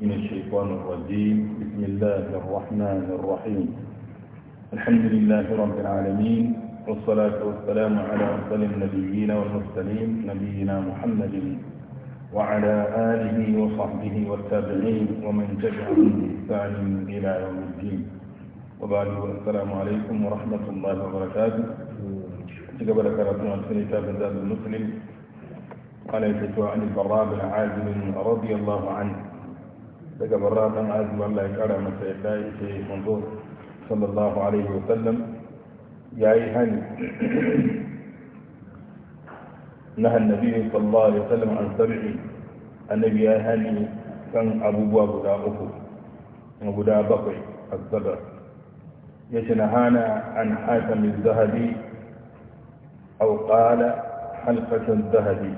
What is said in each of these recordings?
من الشيطان الرجيم بسم الله الرحمن الرحيم الحمد لله رب العالمين والصلاة والسلام على أفضل النبيين والمرسلين نبينا محمد وعلى آله وصحبه والتابعين ومن تبعهم بإحسان إلى يوم الدين وبعد السلام عليكم ورحمة الله وبركاته قبل كراتنا في كتاب زاد المسلم قال يتوعد البراء بن عازم رضي الله عنه daga barra dan azumi Allah ya kara masa yadda yake manzo sallallahu alaihi wa sallam yayi hani نهى النبي صلى الله عليه وسلم عن سبع النبي يا هاني كان أبو باب غدا أكو غدا بقي السبع يتنهانا عن حاتم الذهبي أو قال حلقة الذهبي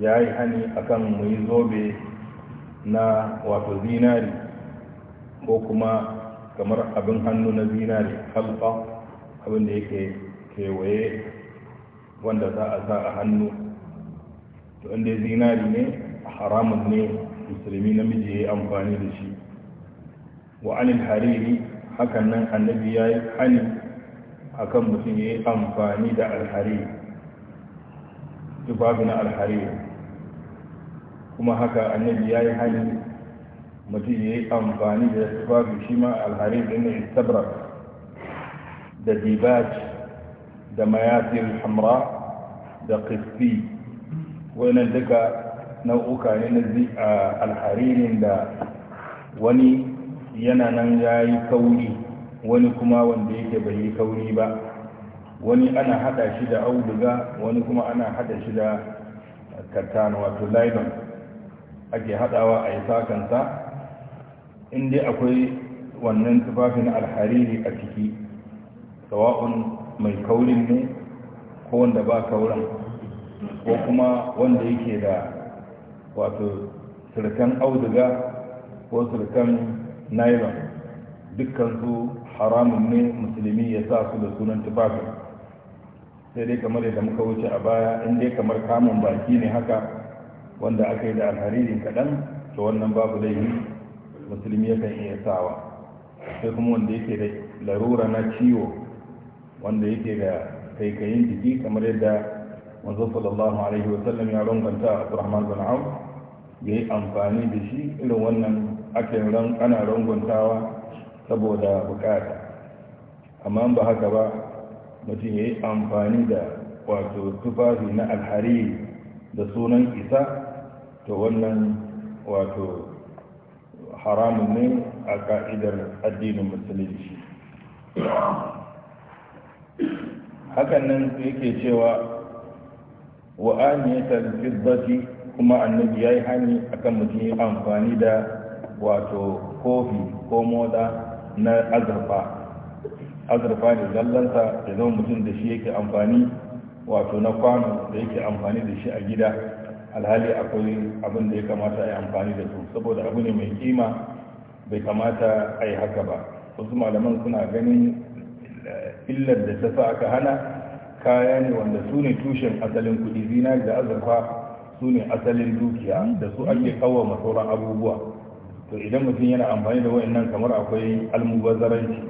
يا هاني أكن ميزوبي na wato zinari ko kuma kamar abin hannu na zinari halfa abin da yake kewaye wanda za a sa a hannu to inda zinari ne haramun ne musulmi namiji ya yi amfani da shi wa anil hariri hakan nan annabi ya yi hani kan mutum ya yi amfani da alhariri tufafi na alhariri kuma haka annabi ya yi hali mutum ya yi amfani da tufafi shi ma alhari da na istabra da dibat da mayatin hamra da kisti wannan duka nau'uka ne na alharirin da wani yana nan ya yi kauri wani kuma wanda yake bai yi kauri ba wani ana hada shi da auduga wani kuma ana hada shi da katan wato laidon ake haɗawa a yi in inda akwai wannan tufafin alhariri a ciki sawa'un mai kaurin ne ko wanda ba kauran ko kuma wanda yake da wato sirkan auduga ko sirkan nylon dukkansu haramun ne musulmi ya sa su da sunan tufafin sai dai kamar yadda muka wuce a baya in dai kamar kamun baki ne haka wanda aka yi da alharirin kaɗan to wannan babu laifi musulmi yakan iya sawa sai kuma wanda yake da larura na ciwo wanda yake da kaikayin jiki kamar yadda wanzu sallallahu alaihi wa sallam ya runganta Abdurrahman bin ya yayi amfani da shi irin wannan ake ran ana runguntawa saboda bukata amma ba haka ba mutum ya yi amfani da wato tufafi na alhariri da sunan isa to wannan wato haramun ne a ka'idar addinin musulunci hakan nan yake cewa wa'ani aniyatar fiddati kuma annabi ya yi hani kan mutum yi amfani da wato kofi ko moda na azurfa azurfa ne zallanta da zama mutum da shi yake amfani wato na kwano da yake amfani da shi a gida alhali akwai abin da ya kamata a yi amfani da su saboda abu ne mai kima bai kamata a yi haka ba wasu malaman suna ganin eh, illar da ta sa aka hana kaya ne wanda su ne tushen asalin kudi zinari da azurfa su ne asalin dukiya da su ake kawama sauran abubuwa to idan mutum yana amfani da wayannan kamar akwai almubazaranci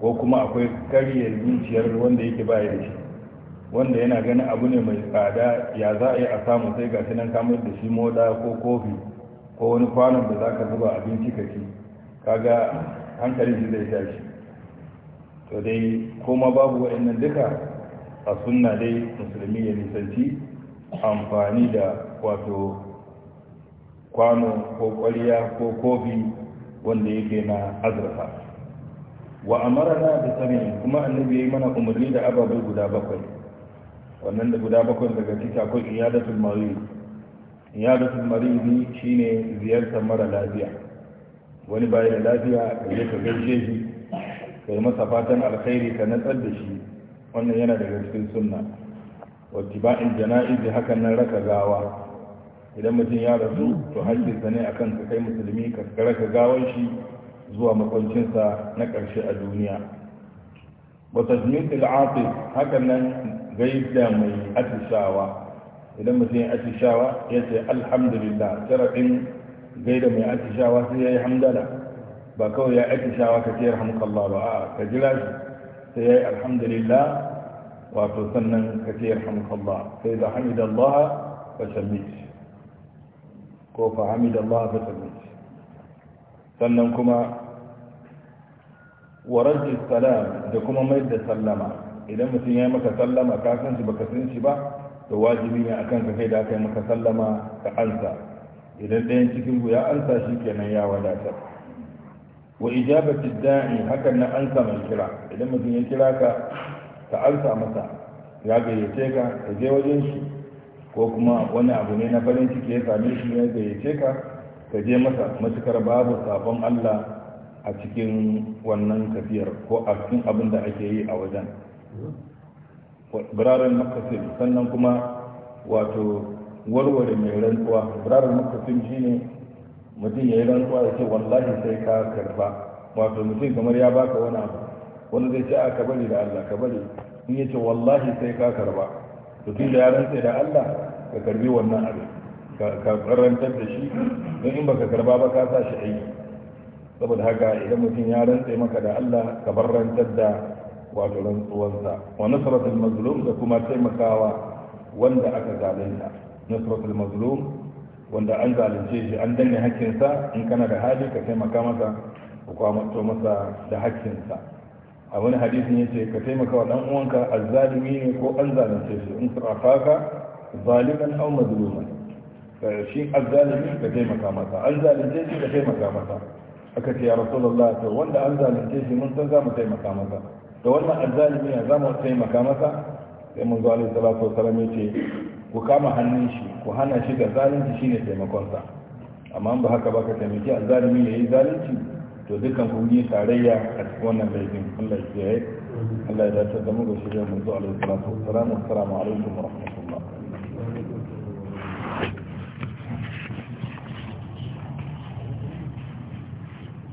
ko kuma akwai karyar zuciyar wanda yake baya da shi wanda yana ganin abu ne mai tsada ya za a yi a samu sai ga nan kamar da shi moda ko kofi ko wani kwanon da za ka zuba abinci ka ci kaga hankali shi zai shi to dai koma babu waɗannan duka a sunna dai musulmi ya nisanci amfani da wato kwano ko ƙwariya ko kofi wanda yake na azurfa wa na da kuma annabi ya yi mana umarni da ababai guda bakwai wannan da guda bakwai daga cikin akwai iyadatul marid iyadatul marid shine ziyartar mara lafiya wani bayan da lafiya da je ka gaishe shi Kai masa fatan alkhairi ka natsar da shi wannan yana daga cikin sunna wattiba'in jana'iz hakan nan raka gawa idan mutum ya rasu to hakkinsa ne akan ka kai musulmi ka raka gawar shi zuwa makwancinsa na ƙarshe a duniya wa tajmid al hakan nan gaida mai atishawa idan mutum ya atishawa ya ce alhamdulillah sharaɗin gaida mai atishawa sai ya yi hamdala ba kawai ya atishawa ka ce yarhamukallah ba a ka jira shi sai ya yi alhamdulillah wato sannan ka ce yarhamukallah sai da hamidallah fa shamit ko fa hamidallah fa shamit sannan kuma wa rajis salam da kuma mai da sallama idan mutum ya yi maka sallama ka san shi baka san shi ba to wajibi ne akan ka kai da aka yi maka sallama ka ansa idan ɗayan cikin ku ya ansa shi kenan ya wadatar wa ijabati da'i hakan na ansa mai kira idan mutum ya kira ka ka ansa masa ya gayyace ka ka je wajen shi ko kuma wani abu ne na farin ciki ya same shi ya gayyace ka ka je masa matukar babu sabon Allah a cikin wannan tafiyar ko a cikin abin da ake yi a wajen birarar makasir sannan kuma wato warware mai rantsuwa birarar makasir ne mutum ya yi rantsuwa ya ce wallahi sai ka karba wato mutum kamar ya baka wani abu wani zai ce a ka bari da Allah ka bari in ya ce wallahi sai ka karba to tun da ya rantsa da Allah ka karbi wannan abin ka karantar da shi don in baka karba ba ka sa shi aiki saboda haka idan mutum ya rantsa maka da Allah ka bar da wato rantsuwansa wa nasratul mazlum da kuma taimakawa wanda aka zalunta nasratul mazlum wanda an zalunce shi an danne hakkinsa in kana da hali ka taimaka masa ka kwamato masa da hakkinsa a wani hadisin yace ka taimaka wa dan uwanka azzalimi ne ko an zalunce shi in sarafaka zaliman aw mazluman ka shi azzalimi ka taimaka masa an zalunce shi ka taimaka masa aka ce ya rasulullahi wanda an zalunce shi mun san za mu taimaka masa da wannan azzalimi ya zama taimaka masa sai mun zo alaihi salatu wasallam yace ku kama hannun shi ku hana shi da zalunci shine taimakon sa amma ba haka ba ka taimaki azzalimi yayi zalunci to dukkan ku yi tarayya a cikin wannan laifin Allah ya yi. Allah ya dace da mu ga shi da mun zo alaihi salatu wasallam assalamu alaikum wa rahmatullahi